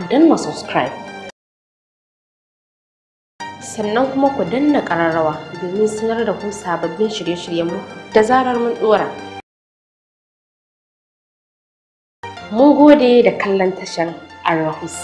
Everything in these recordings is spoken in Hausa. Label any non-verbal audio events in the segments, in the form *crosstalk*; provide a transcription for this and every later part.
ku danna subscribe sannan kuma ku danna kararrawa domin sanar da ku sababbin shirye-shiryenmu da zarar mun ɗora. Mu gode da kallon tashar Arahus.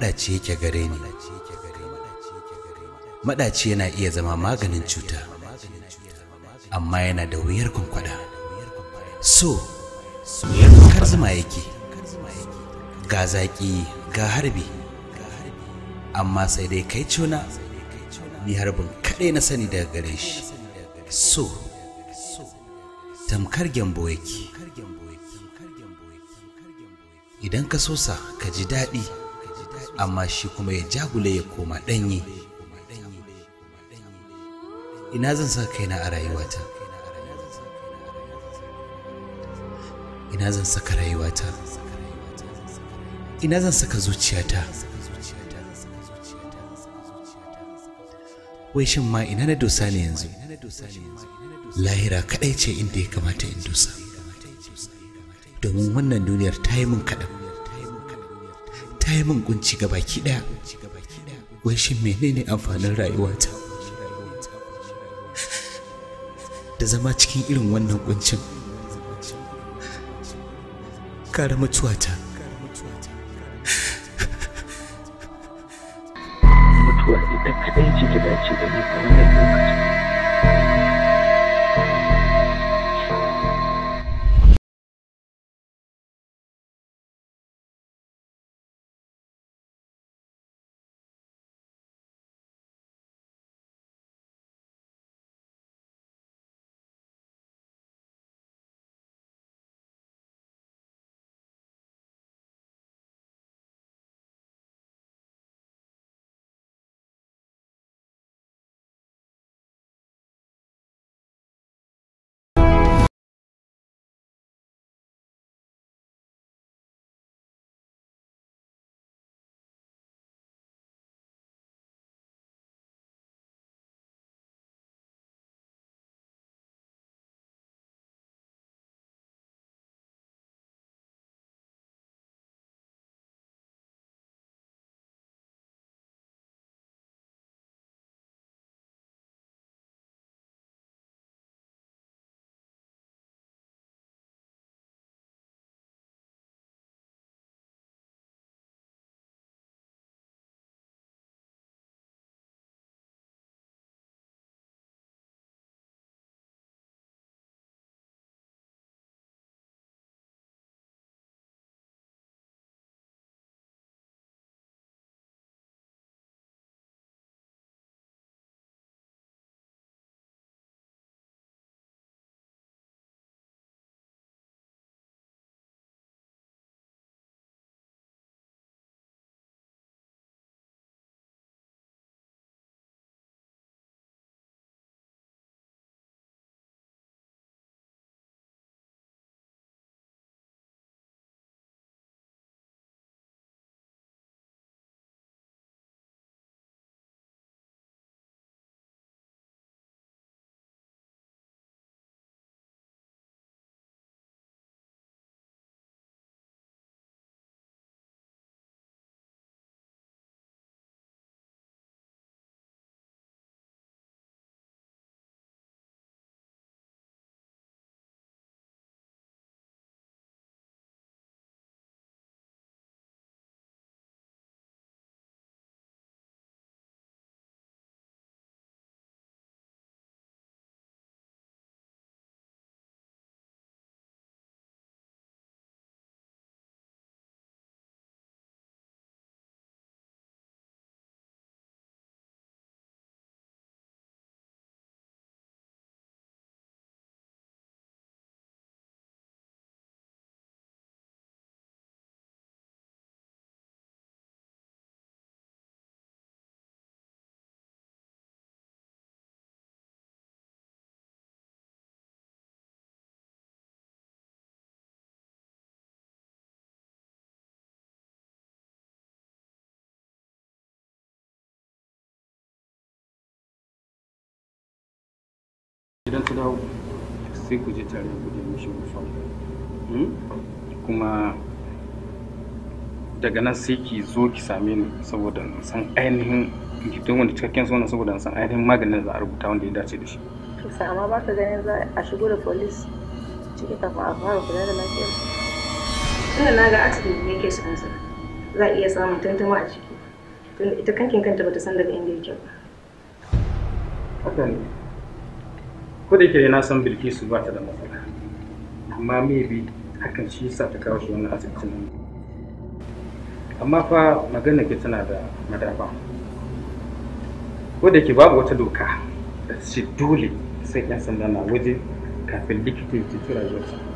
maɗaci yake gare ni maɗaci yana iya zama maganin cuta amma yana da wuyar kwankwada so kar zama yake ga zaƙi ga harbi amma sai dai kai cona ni harbin kaɗai na sani daga gare shi so tamkar gyambo yake idan ka sosa ka ji daɗi amma shi kuma ya jagule ya koma ɗanyi ina zan sa kaina a rayuwata ina zan saka rayuwata ina zan saka zuciyata wai shin ma ina na dosa ne yanzu lahira kaɗai ce inda ya kamata in dosa domin wannan duniyar ta yi min kaɗan ta yi min kunci ga baki ɗaya wai shin menene amfanin rayuwata da zama cikin irin wannan kuncin kare mutuwata idan ka dawo sai ku je tare ku je mishi hmm? kuma daga nan sai ki zo ki same ni saboda in san ainihin gidan wanda cikakken sunan saboda in san ainihin maganin za a rubuta wanda ya dace da shi. to sai amma ba ka ganin za a shigo da police cikin kafa a fara kula da lafiyar. Tunda na ga asibiti yake shansa za a iya samun tantama a ciki. tun ita kankin kanta bata san daga inda yake ba. Haka ne. ko da yake na san bilkisu ba ta da matsala amma maybe hakan shi yasa ta kawo shi wannan asibitin amma fa magana ke tana da madafa ko da yake babu wata doka da ce dole sai 'yan sanda na waje kafin likita ya ce zuwa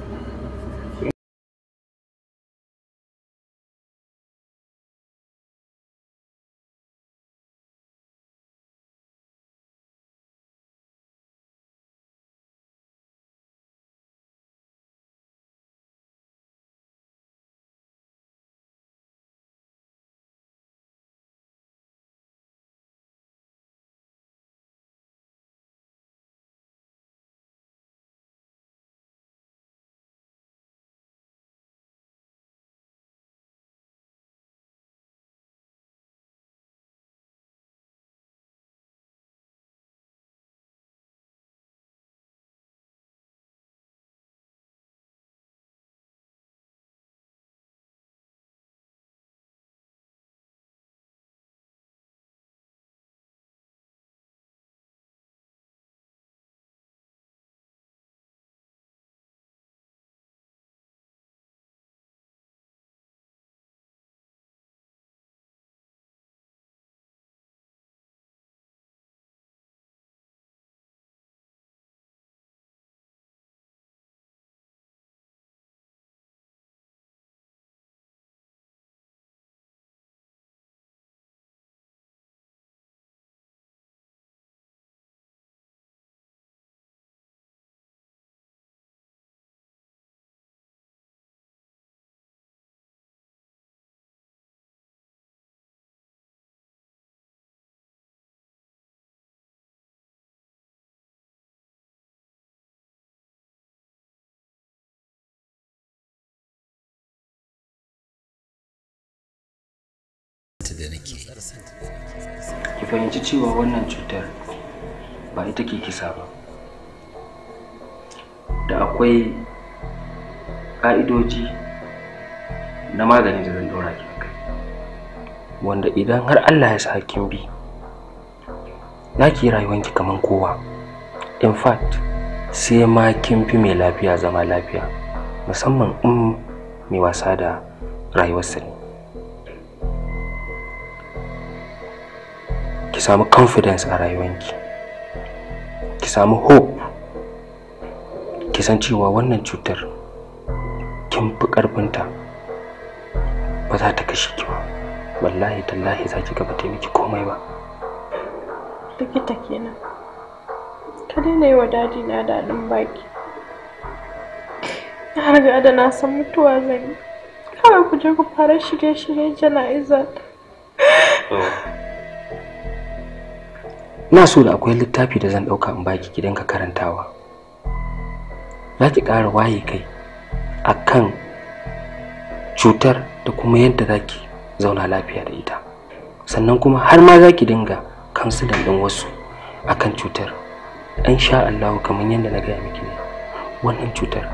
ta da nake ki fahimci cewa wannan cutar ba ita ke kisa ba da akwai ƙa'idoji na magani da zan ɗora ki wanda idan har Allah ya sa kin bi na ki rayuwanki kaman kowa in fact sai ma kin fi mai lafiya zama lafiya musamman in mai wasa da rayuwarsa ne ki samu confidence a rayuwanki ki samu hope ki san cewa wannan cutar kin fi ta ba za ta kashe ki ba wallahi tallahi za ki gaba taimaki komai ba likita kenan ka daina yi wa dadi na daɗin baki na riga da na san mutuwa zan yi kawai ku je ku fara shirye-shirye jana'izar oh. na so da akwai littafi da zan ɗauka in baki gidan ka karantawa za ki ƙara waye kai a kan cutar da kuma yadda za ki zauna lafiya da ita sannan kuma har ma za ki dinga kansilan ɗin wasu a kan cutar in sha Allah kamar yadda na gaya miki ne wannan cutar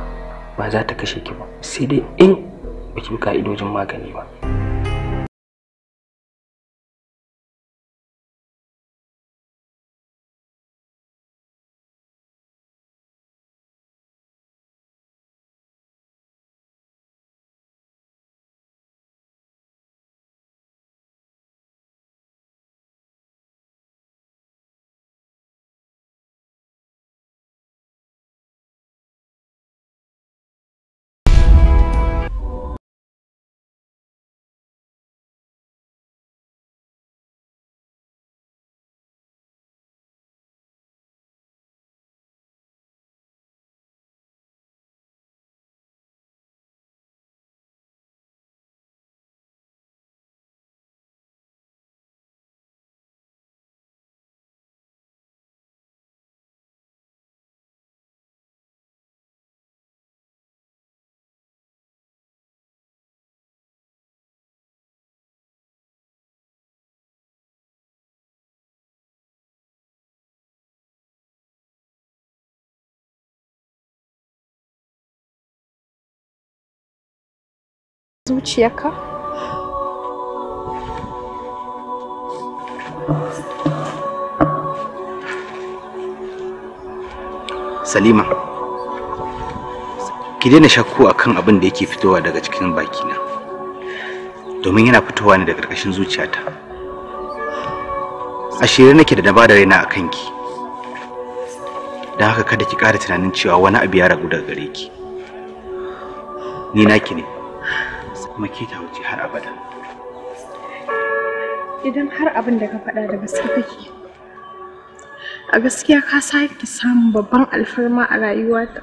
ba za ta kashe ki ba sai dai in baki bi ka'idojin magani ba. zuciyarka? Salima, ki daina shakku akan abin da yake fitowa daga cikin bakina, domin yana fitowa ne daga ƙarƙashin zuciyata. A shirye nake da na bada raina a kanki, don haka kada ki ƙara tunanin cewa wani abu ya ragu daga gare ki. Ni naki ne. kuma ke ta wuce har abada idan har abin da ka faɗa da gaske kake a gaskiya ka sake samun babban alfarma a rayuwata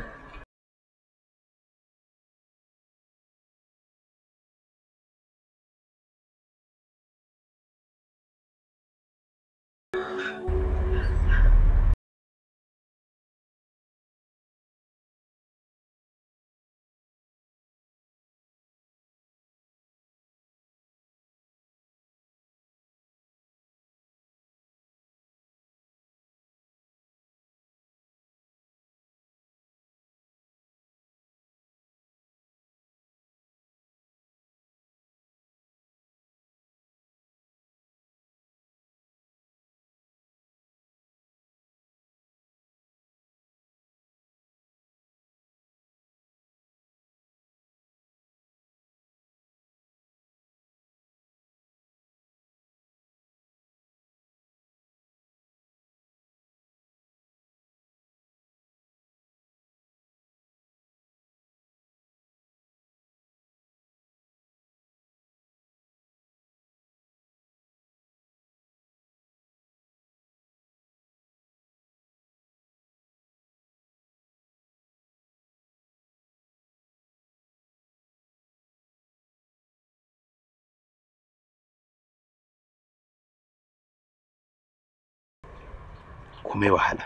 kuma yi wahala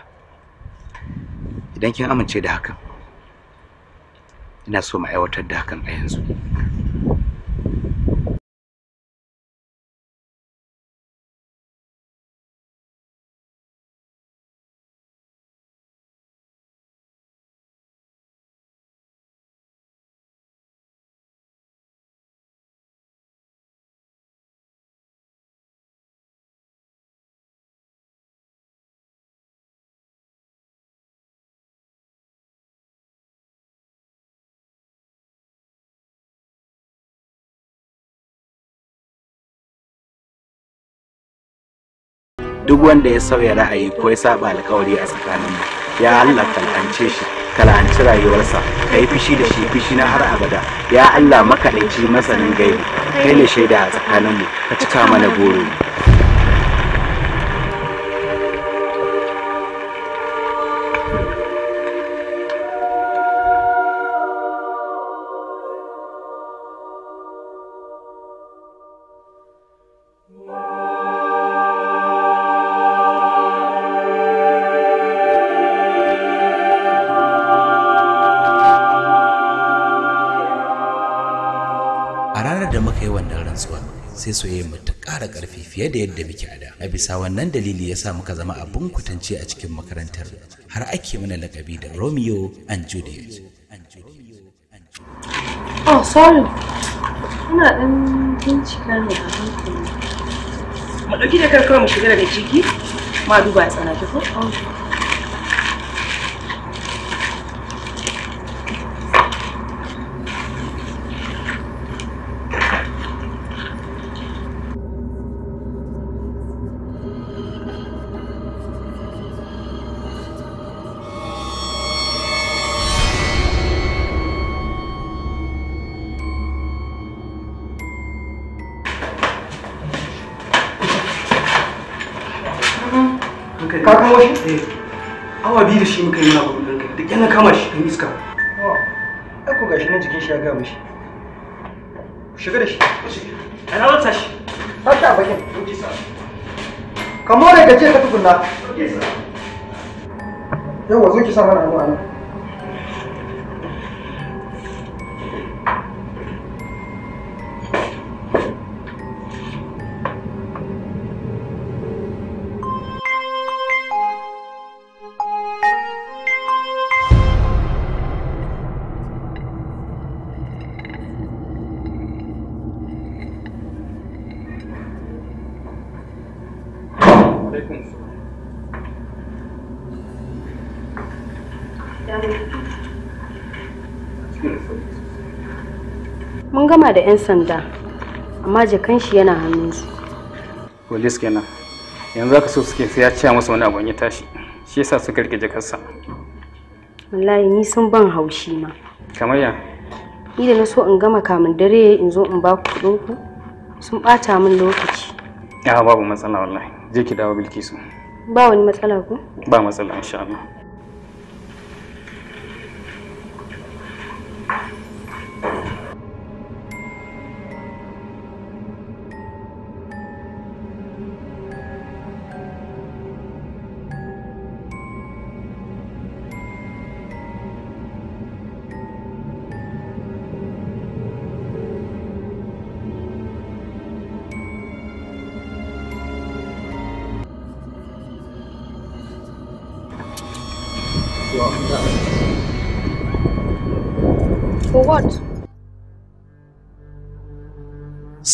idan kin amince da hakan ina so mu aiwatar da hakan a yanzu duk wanda ya sauya ra'ayi ko ya saba alkawari a tsakanin mu ya Allah kalance shi kalanci rayuwarsa ka yi fishi da shi fishi na har abada ya Allah makaɗaici masanin gaibi kai ne shaida a tsakanin mu ka cika mana goro fiye da yadda muke a da a bisa wannan dalili ya sa muka zama abin kwatance a cikin makarantar har ake mana lakabi da romeo and juliet oh sorry ina dan bincika ne a hankali mu ɗauki da karkar mu shiga daga ciki ma duba tsana ki ko oh. ka kama shi eh. awa biyu da shi muka yi muna gudu duk yana kama shi iska oh. ai ko gashi nan jikin shi ya gaya mishi shiga da shi ai na shi ba bakin ka more ka ce ka tukunna yawa zo ki sa mana hannu a nan Yana da 'yan sanda amma jakan shi yana hannunsu polis kenan yanzu aka so suke sai ya ciya masa wani abu ya tashi shi yasa suka rike jakarsa wallahi ni sun ban haushi ma kamar ya ni da na so in gama kamun dare in zo in ba ku kuɗin ku sun ɓata min lokaci Ya babu matsala wallahi je ki dawo bilkisu ba wani matsala ko ba matsala insha Allah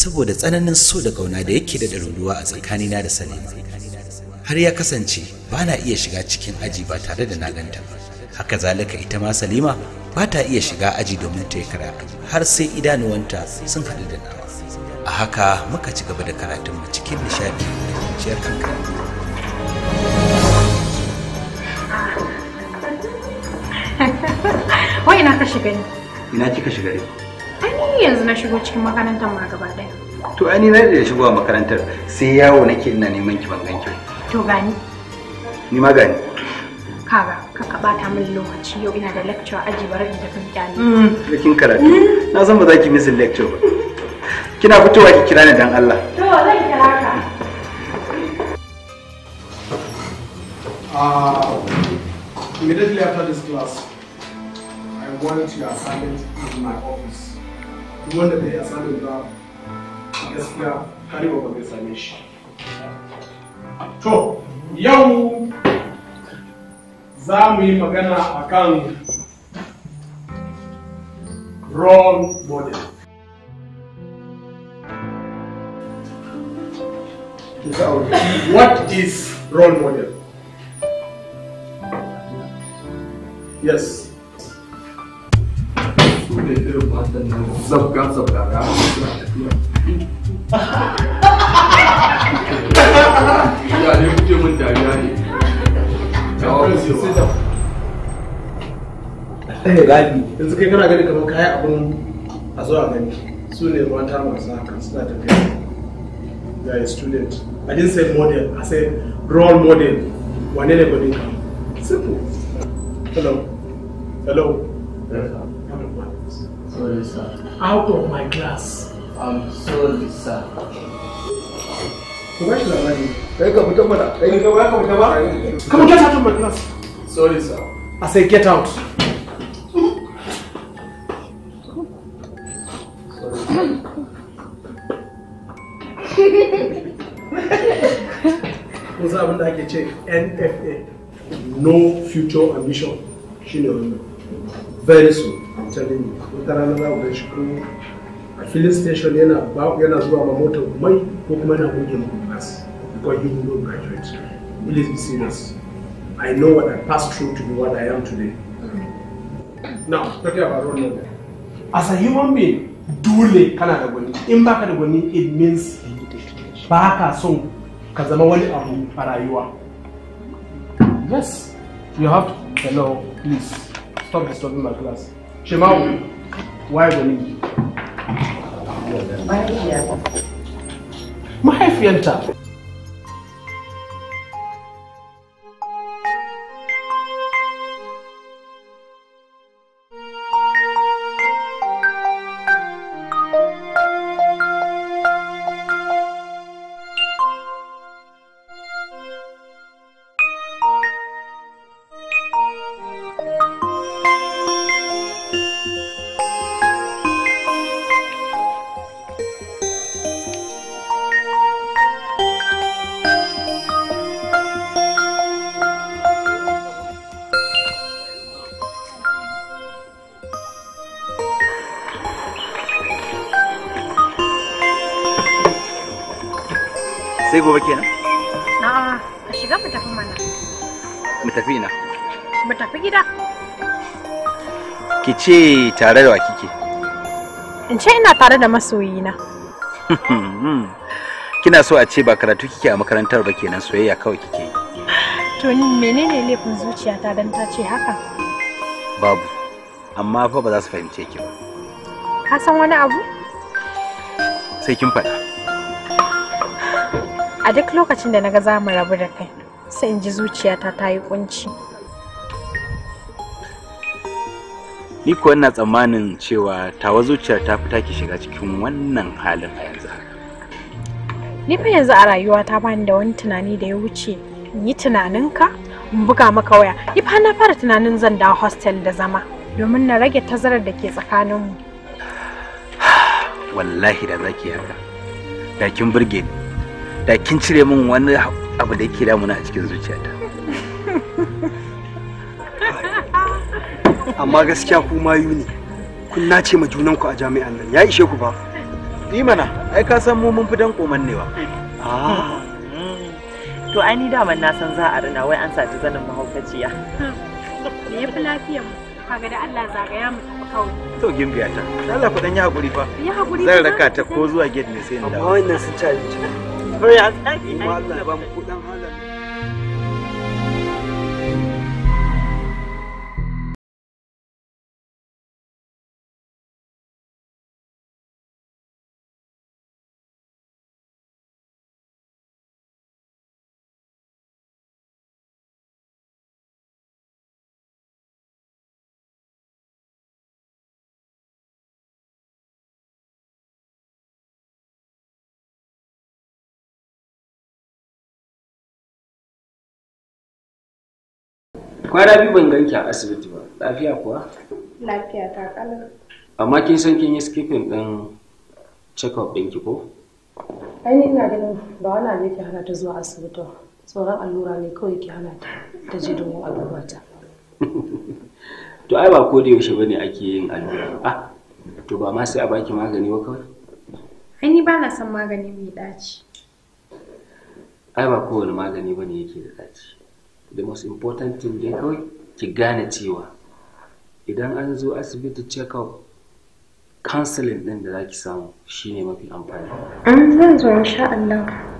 saboda tsananin so da kauna da yake da ɗaruruwa a tsakanina da Salima. Har ya kasance ba na iya shiga cikin aji ba tare da na ganta Haka zalika ita ma Salima ba ta iya shiga aji domin ta yi karatu har sai idanuwanta sun haɗu da nawa. A haka muka ci gaba da karatun mu cikin nishaɗi da kwanciyar hankali. Wai ina ka shiga ne? Ina kika shiga ne? yanzu na shigo cikin makarantar ma gaba ɗaya. To ani na da shigo a makarantar sai yawo nake ina neman ki ban ganki. To gani. Ni ma gani. Kaga ka ka bata min lokaci yau ina da lecture aji bare da kan kyani. Mm, da karatu. Na san ba za ki miss lecture ba. Kina fitowa ki kira ni dan Allah. To zan kira ka. Ah, immediately after this class, I want your assignment in my office. tuone bei ya sare zao gaskiya karibu wamesanishi to yau za magana akan role model what is role model yes student i didn't say model i said role model wane ne gwanin simple hello hello Sorry, sir. Out of my class. I'm sorry, sir. Kuma shi labari. Kai ka fita mana. Kai Come get out of my class. Sorry, sir. I say get out. ake ce NFA. No future ambition. She knows. Very soon. tare ne wata rana za ku ga shi ko a filin station yana yana zuwa ma motar mai ko kuma yana goge because he will not graduate serious i know what i passed through to be what i am today now as a human being dole kana da gwani in baka da gwani it means ba ka son ka zama wani abu a rayuwa yes you have to hello please stop disturbing my class Shima'u, waye gwaninki? Mahaifiyanta. gobe kenan? A'a, ka shiga mu tafi mana. Mu tafi ina? Mu tafi gida. Ki ce tare da wa kike? In ce ina tare da masoyina. *laughs* Kina so a ce ba karatu kike a makarantar ba kenan soyayya kawai kike yi. To ni menene laifin zuciyata dan ta ce haka? Babu. Amma fa ba za su fahimce ki ba. Ka san wani abu? Sai kin faɗa. a duk lokacin da naga za mu rabu da kai sai in ji zuciyata ta yi kunci ni ko ina tsammanin cewa tawa zuciyar ta fi take shiga cikin wannan halin a yanzu ni fa yanzu a rayuwa ta bani da wani tunani da ya wuce in yi tunanin ka in buga maka waya ni fa na fara tunanin zan dawo hostel da zama domin na rage tazarar da ke tsakaninmu *sighs* wallahi da zaki haka da kin ni da kin cire min wani abu da yake damuna a cikin zuciyata amma gaskiya ku mayu ne kun nace ma junanku a jami'an nan ya ishe ku ba mana ai ka san mu mun fi dan koman ne ba ah. to ai ni daman na san za a rina wai an saci zanin mahaukaciya me yafi lafiyar mu kaga da Allah zagaya mu kawai to gimbiya ta Allah ku dan yi hakuri fa yi hakuri zan raka ta ko zuwa gate ne sai na dawo amma wannan sun ci abinci Bari a tsaki. Allah ba mu kwana biyu ban ganki a asibiti ba lafiya kuwa lafiya ta kala amma kin san kin yi skipping din check up ɗinki ko ai ina ganin ba wani ne ke hana ta zuwa asibiti tsoron allura ne kawai ke hana ta ta dumo a gaba ta to ai ba ko da yaushe bane ake yin allura ah to ba ma sai a baki magani ba kawai ai ni ba na son magani mai daci ai ba kowane magani bane yake da daci the most important thing din kawai ki gane cewa idan an zo asibiti check up counseling din da zaki samu shine mafi amfani. An zan zo insha Allah.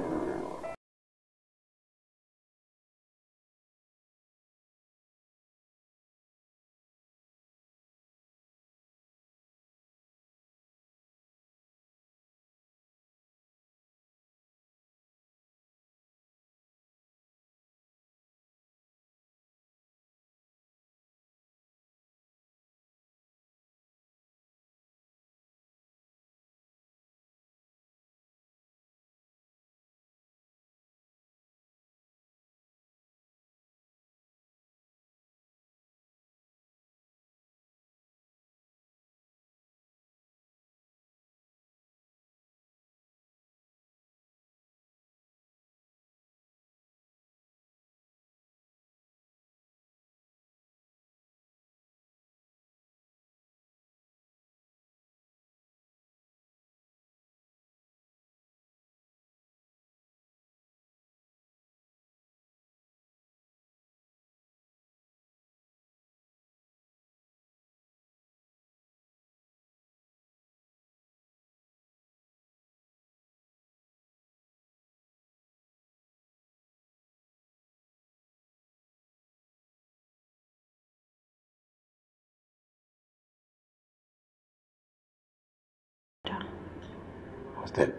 That.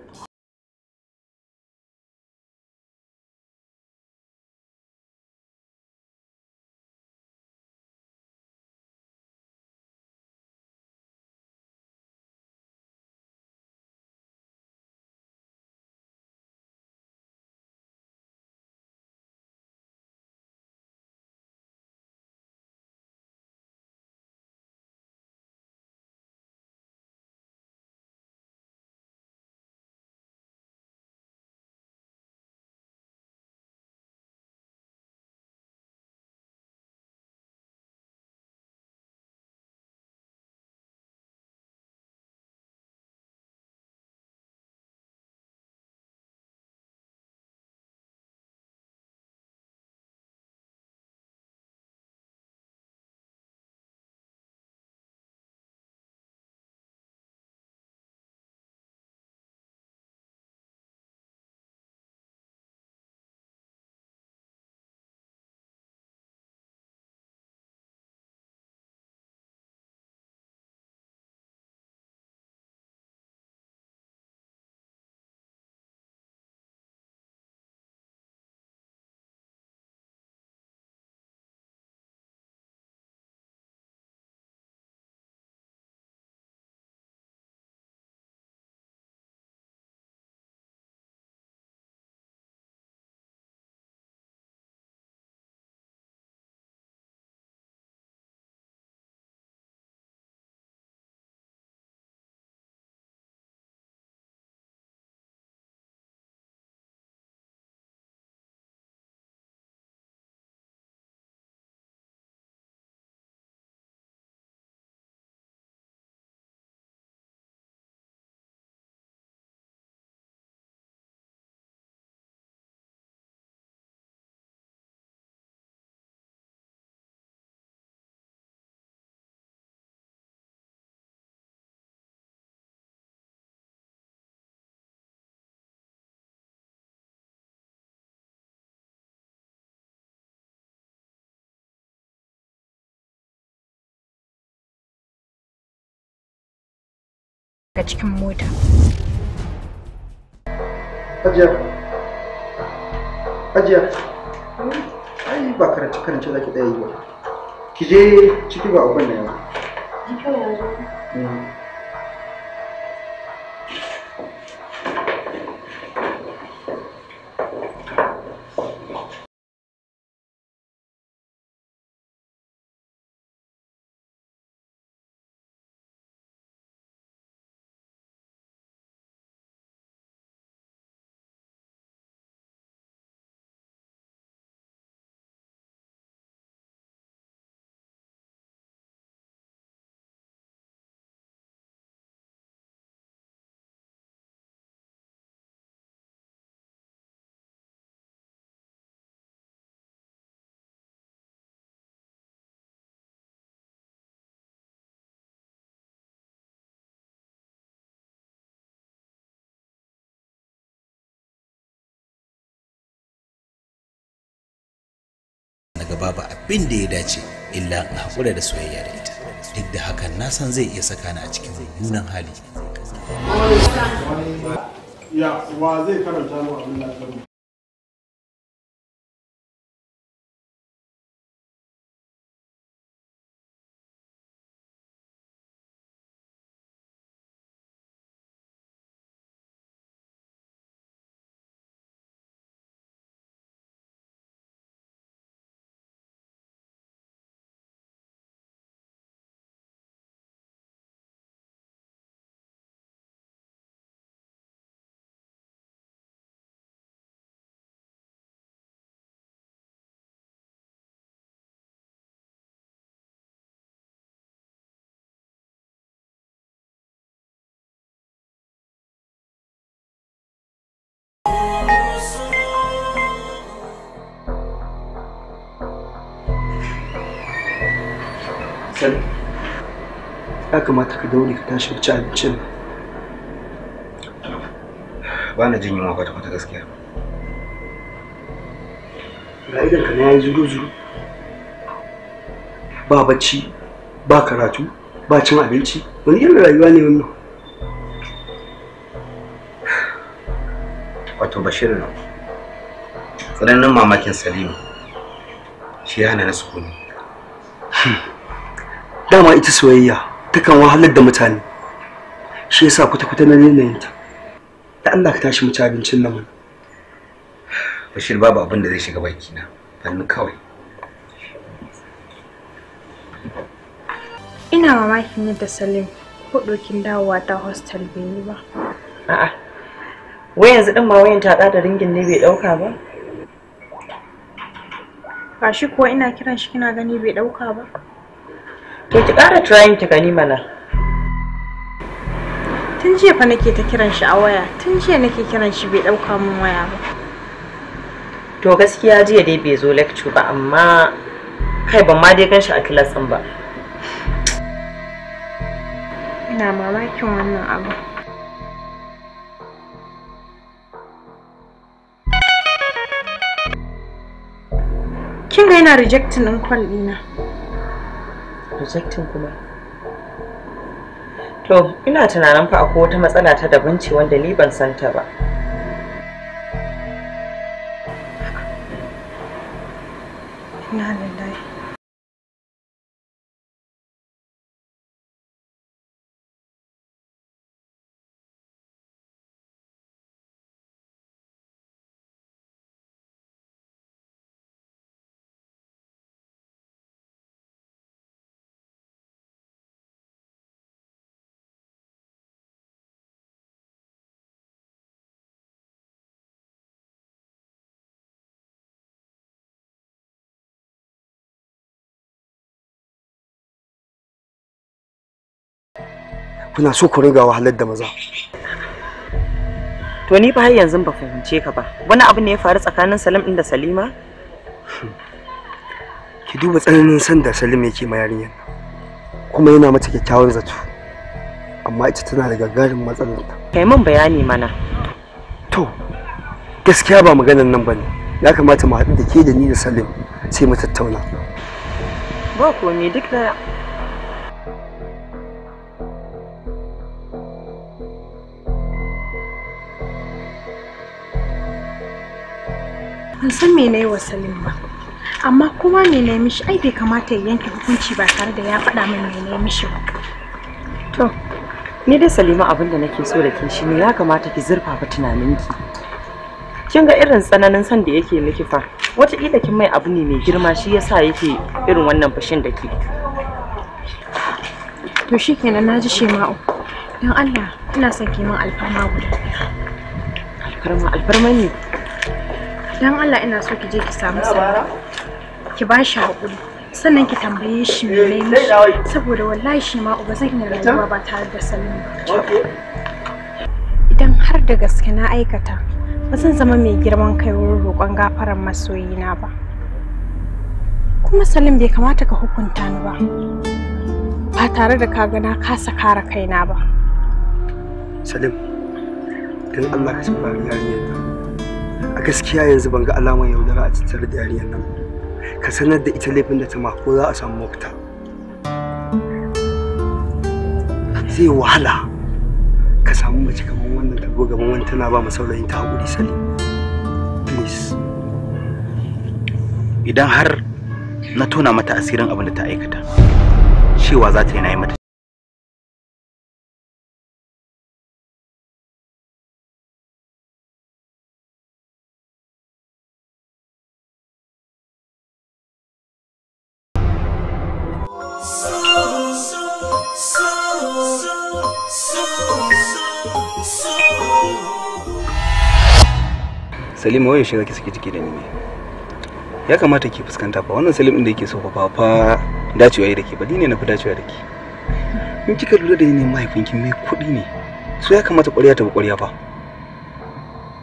Ga cikin mota. Hajiya, Hajiya, ai ba karance karance za ki ɗaya yi ba. Ki je ciki ba abin da yawa. Jikau ya zo. Mm. ga babu abin da ya dace illa in haƙura da soyayya da ita duk da hakan na san zai iya saka ni a cikin mummunan hali ya wa zai karanta mu abin da ya kamata ka daure ka tashi ci abincin ba na jin yunwa kwata-kwata gaskiya ga idan ka na yayi zuru-zuru ba bacci ba karatu ba cin abinci wani irin rayuwa ne wannan wato bashir tsananin mamakin salimu shi hana na sukuni hmm. dama ita soyayya takan wahalar da mutane shi yasa kuta-kuta na yin ta da Allah ka tashi muci abincin nan mana bashir babu abin da zai shiga baki na fanni kawai ina mamakin yadda salim ko dokin dawowa ta hostel bai yi ba a'a wai yanzu din ma wayan ta da ringin ne bai dauka ba ba shi ko ina kiran shi kina gani bai dauka ba To ki ƙara trying ta gani mana. Tun jiya fa nake ta kiran shi a waya, tun jiya nake kiran shi bai ɗauka min waya ba. To gaskiya jiya dai bai zo lecture ba amma kai ban ma dai gan a class ba. Ina mamakin wannan abu. kin ga yana rejecting ɗin kwal ɗina. rejecting kuma to ina tunanin fa akwai wata matsala ta daban ce wanda ni ban santa ba kuna so ku riga wahalar da maza to ni ba har yanzu ba fahimce ka ba wani abu ne ya faru tsakanin salim din da salima ki duba tsananin san da salim yake ma yarinyar kuma yana mata kyakkyawar zato amma ita tana da gagarin matsalar ta kai min bayani mana to gaskiya ba maganar nan bane ya kamata mu haɗu da ke da ni da salim sai mu tattauna ba komai duk da ban san me na yi wa Salim ba. Amma kowa me na mishi ai bai kamata ya yanke hukunci ba tare da ya faɗa min me na mishi ba. To, ni dai Salima abin da nake so da ke shi ne ya kamata ki zurfafa tunaninki. Kin ga irin tsananin san da yake miki fa. Wataƙila kin mai abu ne mai girma shi yasa yake irin wannan fushin da ke. To kenan na ji Shema'u. Don Allah ina son min alfarma guda. Alfarma alfarma ne. dan Allah ina so ki je ki samu sa ki ba shi haƙuri sannan ki tambaye shi me ne mishi saboda wallahi shi ma uba zan iya rayuwa ba tare da sanin idan har da gaske na aikata ba zan zama mai girman kai wurin roƙon gafaran masoyina ba kuma salim bai kamata ka hukunta ni ba ba tare da kaga na kasa kare kaina ba salim don allah ka saurari yarinyar gaskiya yanzu ban ga alamar yaudara a tattare da yariyar nan ka sanar da ita laifin da ta ma ko za a samu mafita zai wahala ka samu mace kamar wannan ta go gaban wani tana ba mu saurayin ta haƙuri sali please idan har na tona mata asirin abin da ta aikata cewa za ta yi na yi mata salima waye shi zaki saki jiki da ni ya kamata ki fuskanta fa wannan salim din da yake so fa fa dacewa yi da ke ba ni ne na fi dacewa da ke in kika lura da yanayin mahaifinki mai kuɗi ne so ya kamata ƙwarya ta bi ƙwarya fa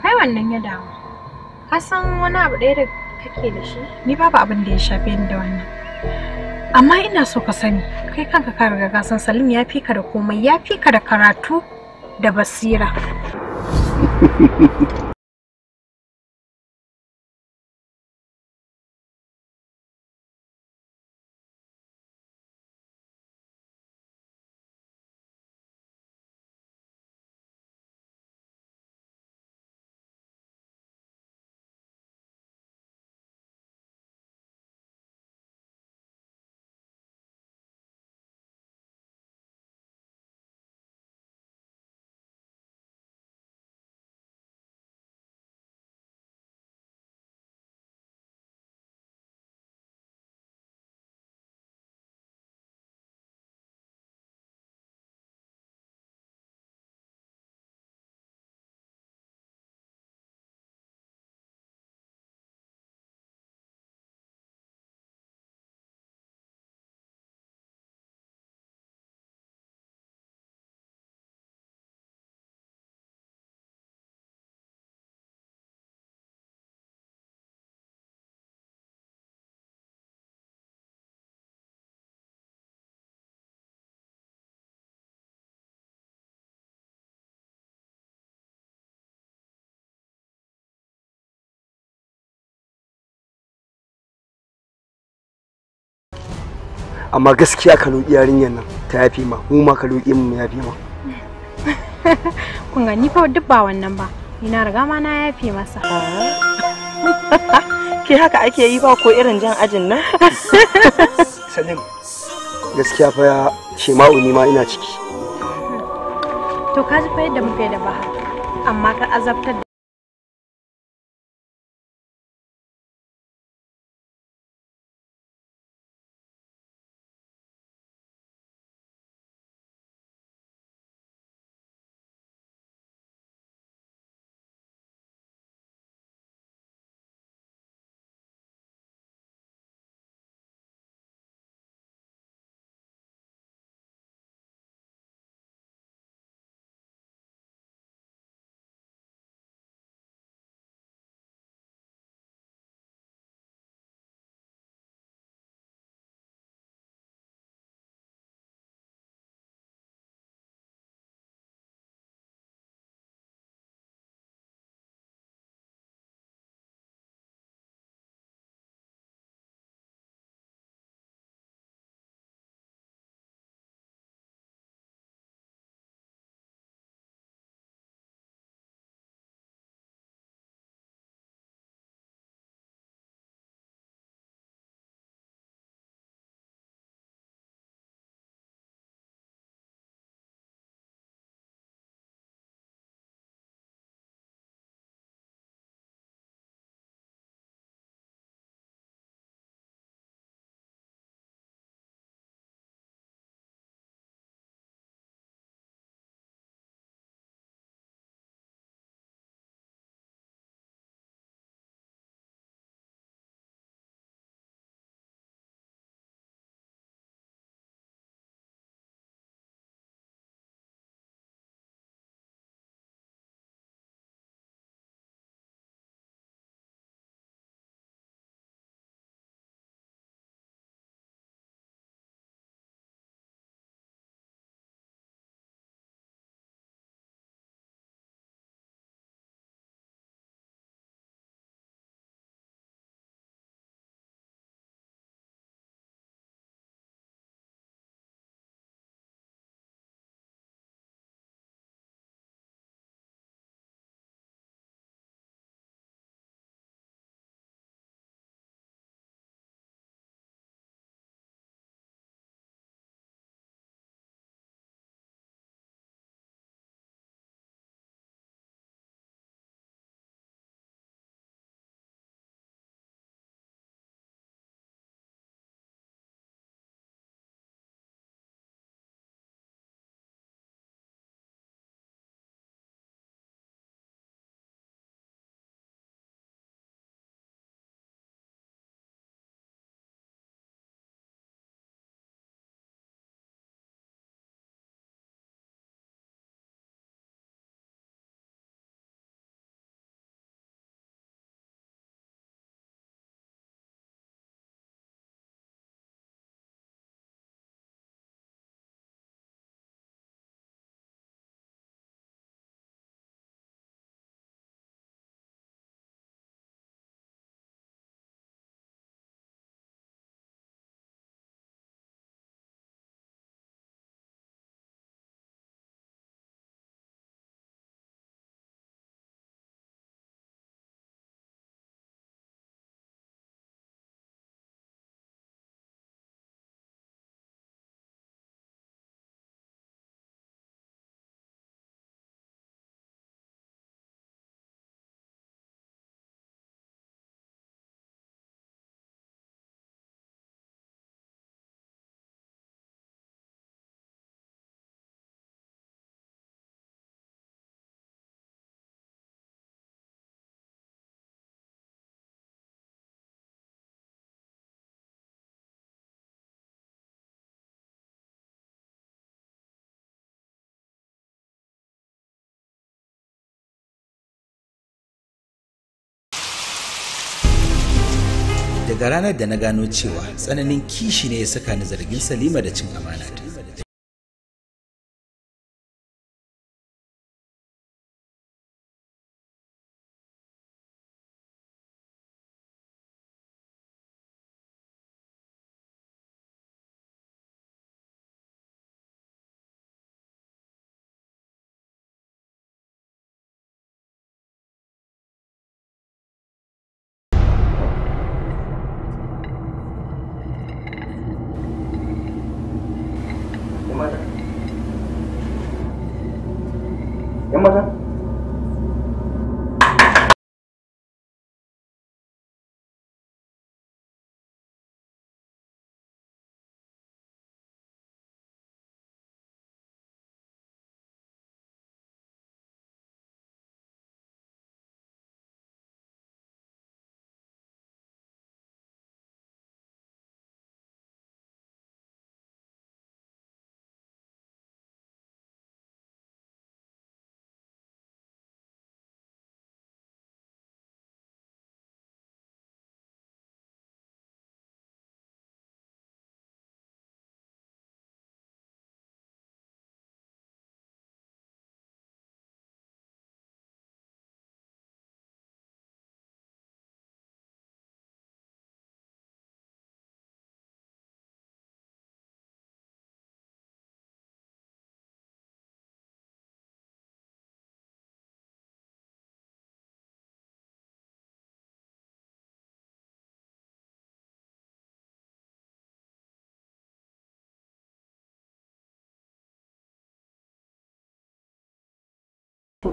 kai wannan ya damu ka san wani abu ɗaya da kake da shi ni babu abin da ya shafe ni da wannan amma ina so ka sani kai kanka ka riga ka san salim ya fi ka da komai ya fi ka da karatu da basira *laughs* amma gaskiya ka roƙi yarinyar nan ta yafi ma mu ma ka roƙi mu yafi ma *laughs* kun ni fa duk ba wannan ba ina na riga ma na yafi masa ah. *laughs* ke haka ake yi ba ko irin jan ajin nan *laughs* salim gaskiya fa ya ma uni ma ina ciki to ka ji fa yadda muke da ba amma ka azabtar daga ranar da na gano cewa tsananin kishi ne ya saka ni zargin salima da cin amana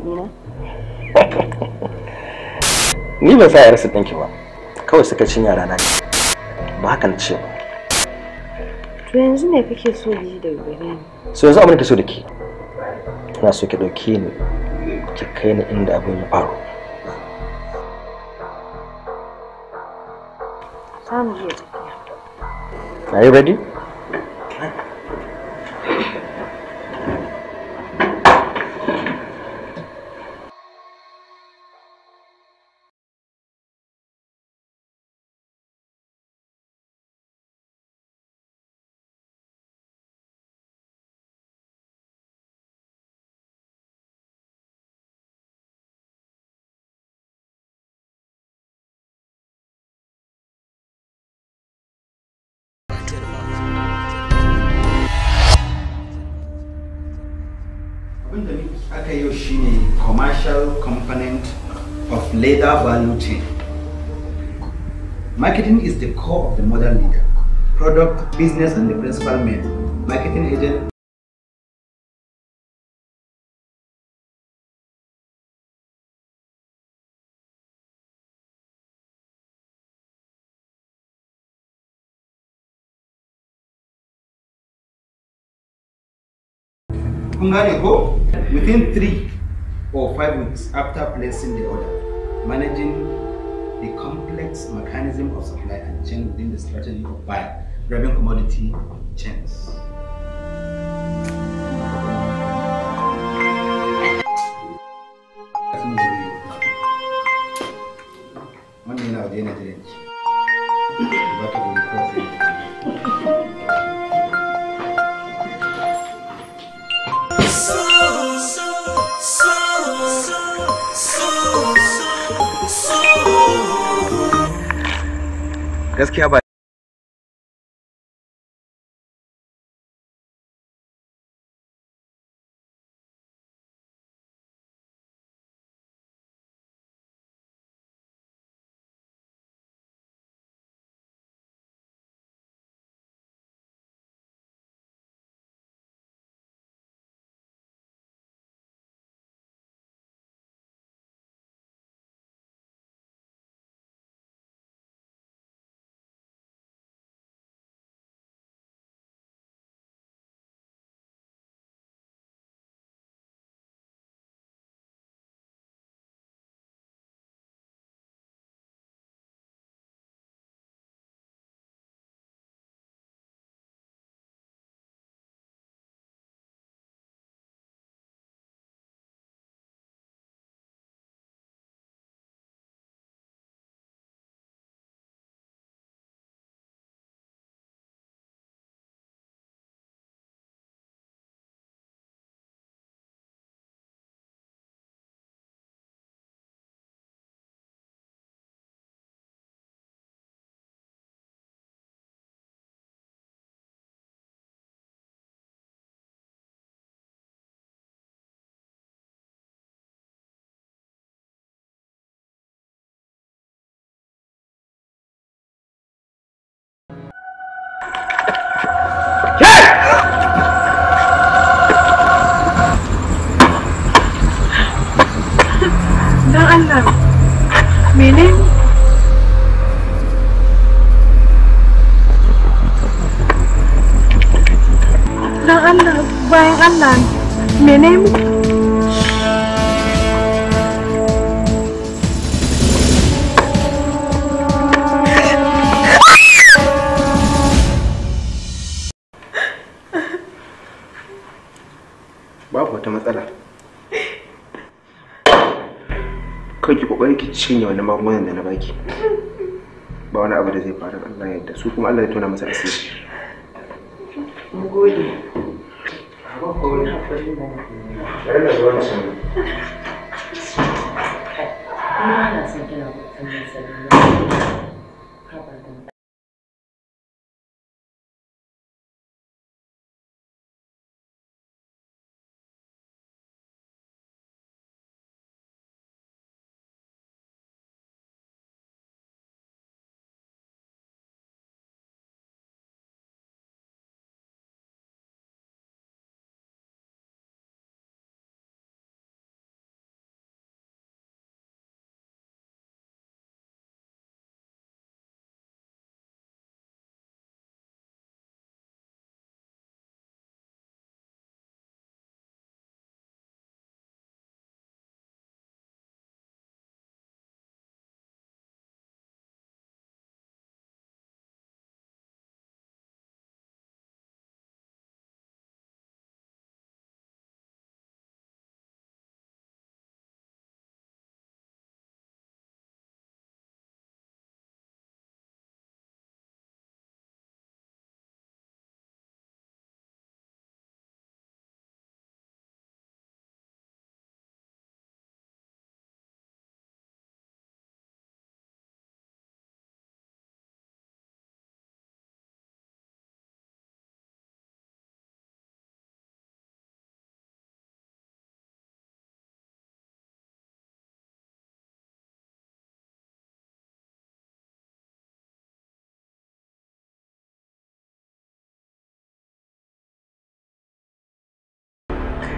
ɗina? *laughs* Ni ban sa yarsa ɗinki ba, kawai suka cin yara na ba hakan ce ba. To yanzu ne kake so da ji daga gare ni? So yanzu abin da so da ke. Ina so ki ɗauke ni ki kai ni inda abin ya faru. Are you ready? leader value chain. Marketing is the core of the modern leader. Product, business, and the principal men. Marketing agent. Hungary go within three or five weeks after placing the order managing the complex mechanism of supply and chain within the strategy of buying, grabbing commodity chains. One minute, I'll be in a drink. gaskiya ba kanki ki kokari ki cinye wannan magungunan da na baki ba wani abu da zai faru Allah yadda su kuma Allah ya tona masa asiri mu gode ba ko wani da na zuwa sun san kina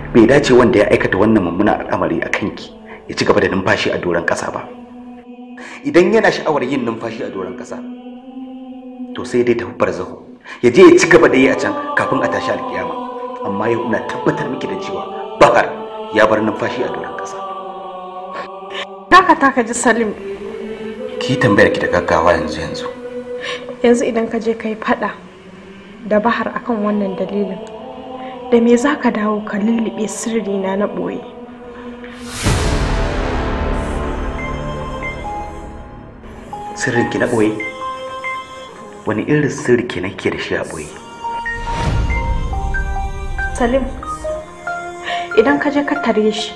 bai dace wanda ya aikata wannan mummunan al'amari a kanki ya ci gaba da numfashi a doron ƙasa ba idan yana sha'awar yin numfashi a doron ƙasa to sai dai tafi barzahu ya je ya ci gaba da yi a can kafin a tashi alkiyama amma yau ina tabbatar miki da cewa bahar ya bar numfashi a doron ƙasa taka ka ji salim ki tambayar ki da gaggawa yanzu yanzu yanzu idan ka je kai faɗa da bahar akan wannan dalilin da me za ka dawo ka lullube sirrina na ɓoye sirrinki na ɓoye wani irin sirri na ke da shi a ɓoye salim idan ka je ka tare shi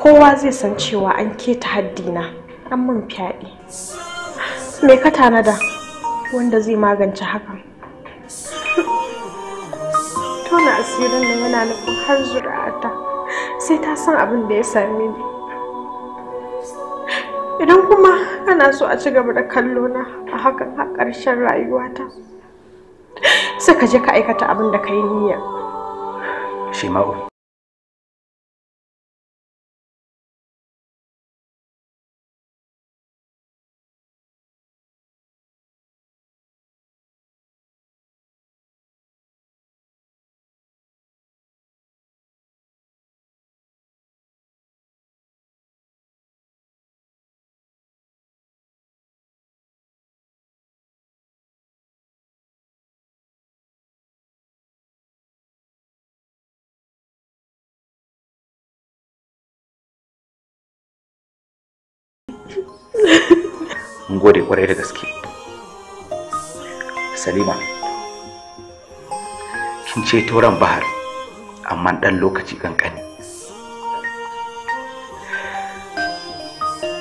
kowa zai san cewa an keta haddina an min fyaɗe me ka tanada wanda zai magance hakan tona asirin nan yana nufin har zuri'ata sai ta san abin da ya sami ni idan kuma ana so a ci gaba da kallo na a hakan a ƙarshen rayuwata sai ka je ka aikata abin da ka yi niyya shema'u gode kwarai da gaske salima kin ce toron bahar amma ɗan lokaci kankani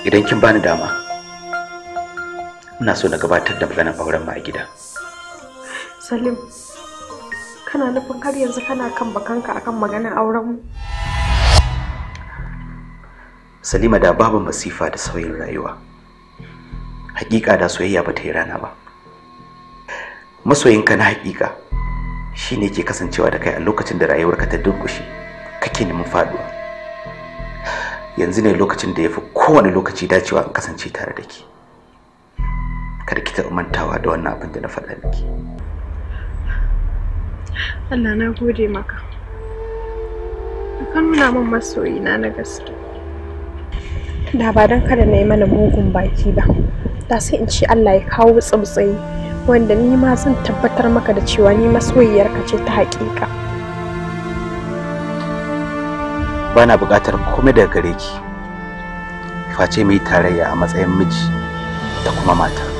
idan kin bani dama ina so na gabatar da maganar auren ma a gida salim kana nufin har yanzu kana kan bakanka akan maganar auren salima da babu masifa da sauyin rayuwa hakika da soyayya ba ta yi rana ba masoyinka na hakika shine ke kasancewa da kai a lokacin da rayuwarka ta durkushe kake neman faduwa yanzu ne lokacin da ya fi kowane lokaci dacewa in kasance tare da ke kada ki taɓa mantawa da wannan abin da na faɗa miki Allah na gode maka ka nuna min masoyina na gaske da ba don kada na yi mana mugun baki ba da sai in ce Allah ya kawo tsautsayi wanda ni ma zan tabbatar maka da cewa ni masoyiyarka ce ta haƙiƙa. Bana buƙatar komai daga gareki ki. Face mai tarayya a matsayin miji da kuma mata.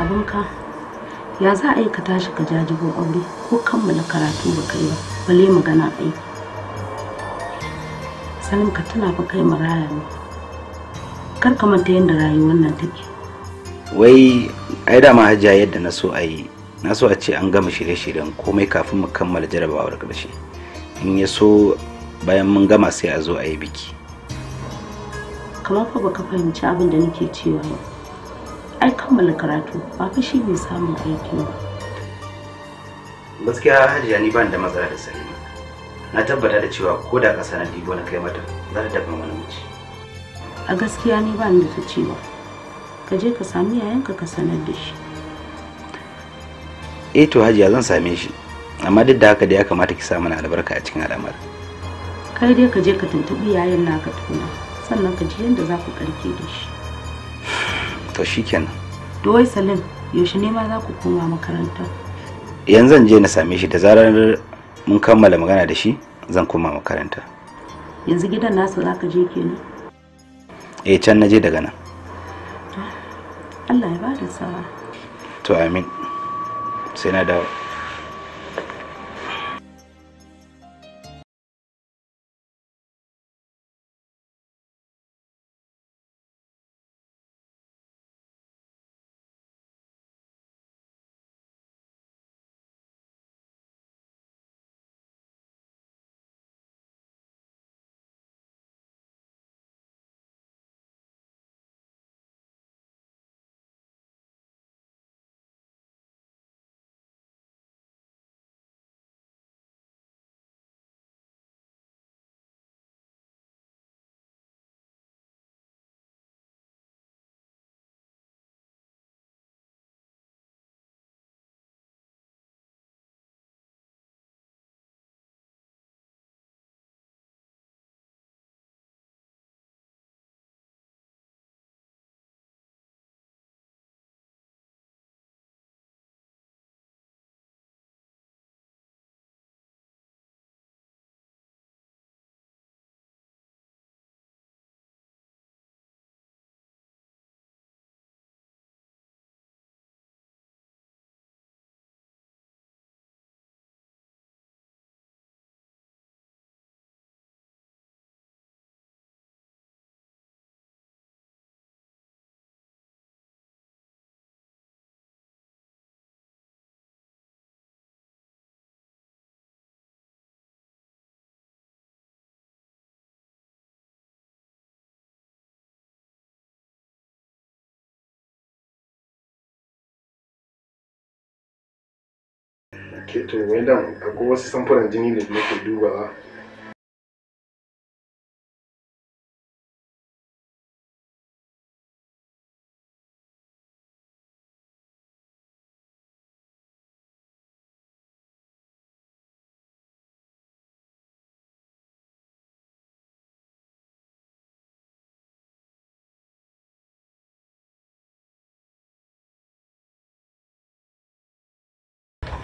abinka ya za a yi ka tashi ka jajibo aure ko kammala karatu ba kai ba bale magana aiki sanin ka tana fa kai maraya ne kar ka manta yadda rayuwar nan take wai ai da ma hajiya yadda na so a yi na so a ce an gama shirye-shiryen komai kafin mu kammala jarabawar karshe in ya so bayan mun gama sai a zo a yi biki kamar fa baka fahimci abin da nake cewa ba ai kammala karatu ba fa shi ne samun aiki ba gaskiya hajiya ni ban da matsala da salima na tabbata da cewa ko da ka sanar dibo na kai mata za ta dafa mana mace a gaskiya ni ban da ta cewa ka je ka sami yayanka ka sanar da shi eh to hajiya zan same shi amma duk da haka da ya kamata ki sa mana albarka a cikin al'amar kai dai ka je ka tuntubi yayin naka tukuna sannan ka ji yadda za ku karke da shi to shikenan wai salim yaushe ne ma za ku koma makaranta yanzu zan je na same shi da zarar mun kammala magana da shi zan koma makaranta yanzu gidan nasu za ka je kenan eh can na je daga nan Allah ya ba da to amin sai na dawo to idan ko wasu samfuran jini da nake dubawa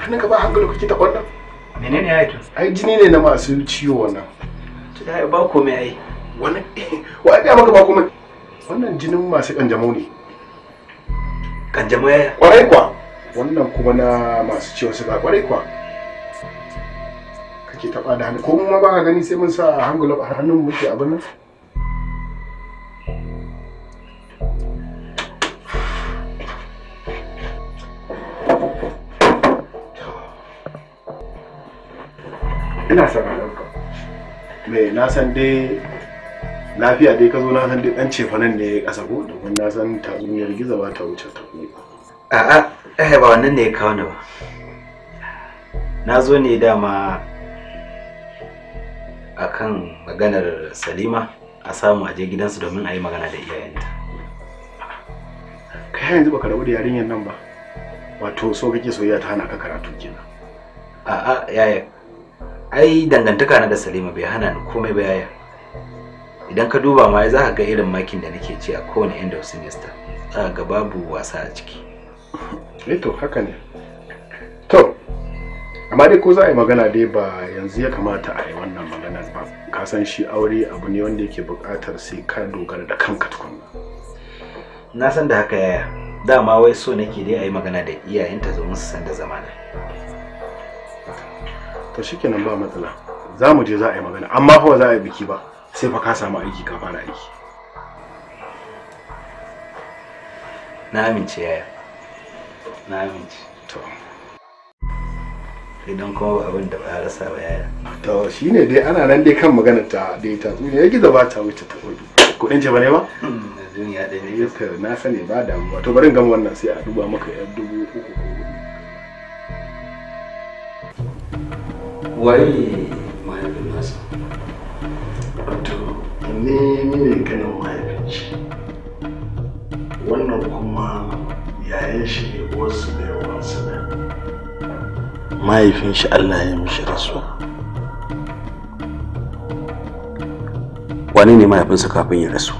hannun ka ba hankali kake ta wannan menene ya yi to ai jini ne na masu ciwo wannan to da ba komai ai wannan wa ga maka ba komai wannan jinin masu kanjamau ne kanjamau ya kwarai kwa wannan kuma na masu ciwon suga kwarai kwa kake taba da hannu ko mu ma ba ka gani sai mun sa hangulo a hannun muke abin nan ina sauraron ka me na san dai lafiya dai ka zo na san dai dan cefanen ne kasa ko domin na san tatsuniyar giza ba ta wuce ta kuma a eh ba wannan ne ya kawo ni ba na zo ne dama akan maganar salima a samu aje gidansu domin a yi magana da iyayenta kai yanzu baka rabu da yarinyar nan ba wato so kake soyayya ta hana ka karatu kenan a'a yaya ai dangantaka na da salima bai hana ni komai ba yaya idan ka duba ma za ka ga irin makin da nake ci a kowane end of semester za ga babu wasa a ciki eh to haka ne to amma dai ko za a yi magana dai ba yanzu ya kamata a yi wannan magana ba ka san shi aure abu ne wanda yake buƙatar sai ka dogara da kanka tukunna na san da haka yaya dama wai so nake dai a yi magana da iyayenta domin su san da zamana to shikenan ba matsala za mu je za a yi magana amma fa za a yi biki ba sai fa ka samu aiki ka fara aiki na amince yaya na amince to idan kuma abin da ba rasa ba yaya to shine dai ana nan dai kan magana ta dai ta ne ya gizo ba ta wuce ta kuɗi kudin ce ba ne ba hmm, duniya ɗaya ne na sani ba damuwa to bari gama wannan sai a duba maka yan dubu uku ko waye mahaifin nasa wato ne ni ne ganin mahaifin shi wannan kuma yayin shi ne wasu da yawansu ne mahaifin shi allah ya mishi rasuwa wani ne mahaifinsa kafin ya rasu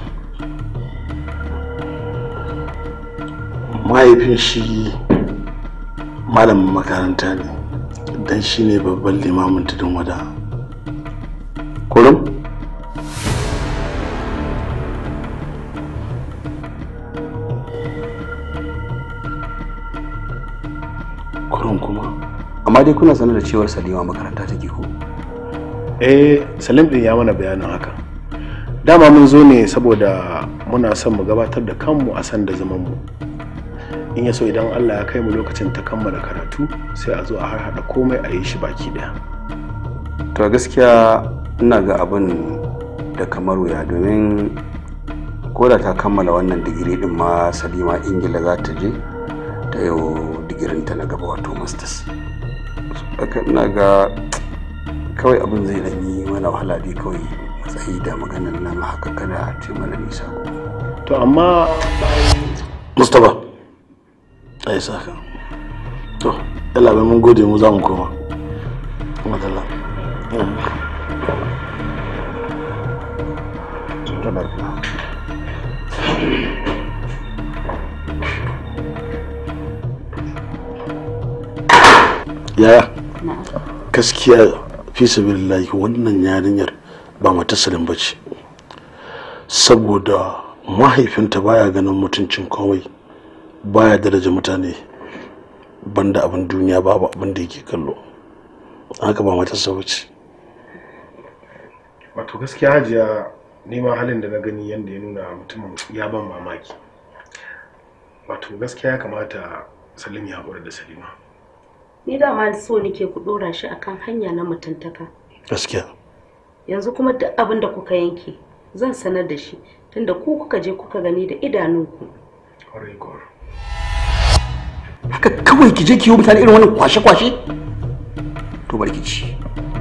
mahaifin shi malamin makaranta ne dan ne babban limamin tudun wada kurum kurum kuma amma dai kuna sanar da cewar salima makaranta take ko eh salim din ya mana bayanin haka dama mun zo ne saboda muna son mu gabatar da kanmu a san da zaman mu in ya so idan allah ya kai mu lokacin ta kammala karatu sai a zo a har hada komai a yi shi baki daya to gaskiya ina ga abin da kamar wuya domin ko da ta kammala wannan digiri din ma salima ingila za ta je ta yau digirinta na gaba wato masters ina ga kawai abin zai danyi mana wahala dai kawai matsayi da maganar nan haka kada ce mana nisa to amma mustapha Allah saka to Allah mun gode mu za mu koma madalla yaya gaskiya fi sabilillahi wannan yarinyar ba mata salim bace saboda mahaifinta baya ganin mutuncin komai baya daraja mutane banda abin duniya babu abin da yake kallo haka ba mata sauci wato gaskiya hajiya neman halin da na gani yadda ya nuna mutumin ya ban mamaki wato gaskiya ya kamata salim ya haƙura da salima ni ma so nake ku ɗora shi akan hanya na mutuntaka gaskiya yanzu kuma duk abin da kuka yanke zan sanar da shi tunda ku kuka je kuka gani da idanunku ku. haka kawai ki je ki yi mutane irin wannan kwashe-kwashe to bari ki ci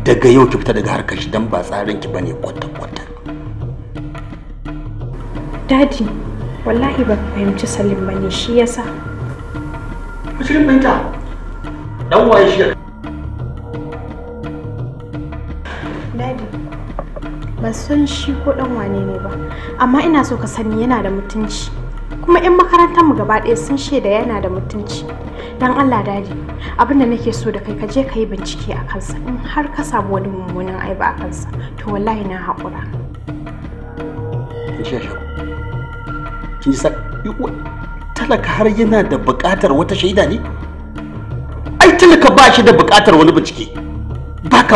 daga yau ki fita daga harkar shi don ba tsarin ki bane kwata-kwata dadi wallahi ba fahimci salim bane shi yasa mashirin fahimta dan waye shi dadi ban san shi ko dan wane ne ba amma ina so ka sani yana da mutunci kuma 'yan mu gaba ɗaya sun shaida yana da mutunci don allah dadi abinda nake so da kai ka je ka yi bincike a kansa in har ka samu wani mummunan aiba a kansa to wallahi na haƙura kin talaka har yana da buƙatar wata shaida ne ai talaka ba shi da buƙatar wani bincike ba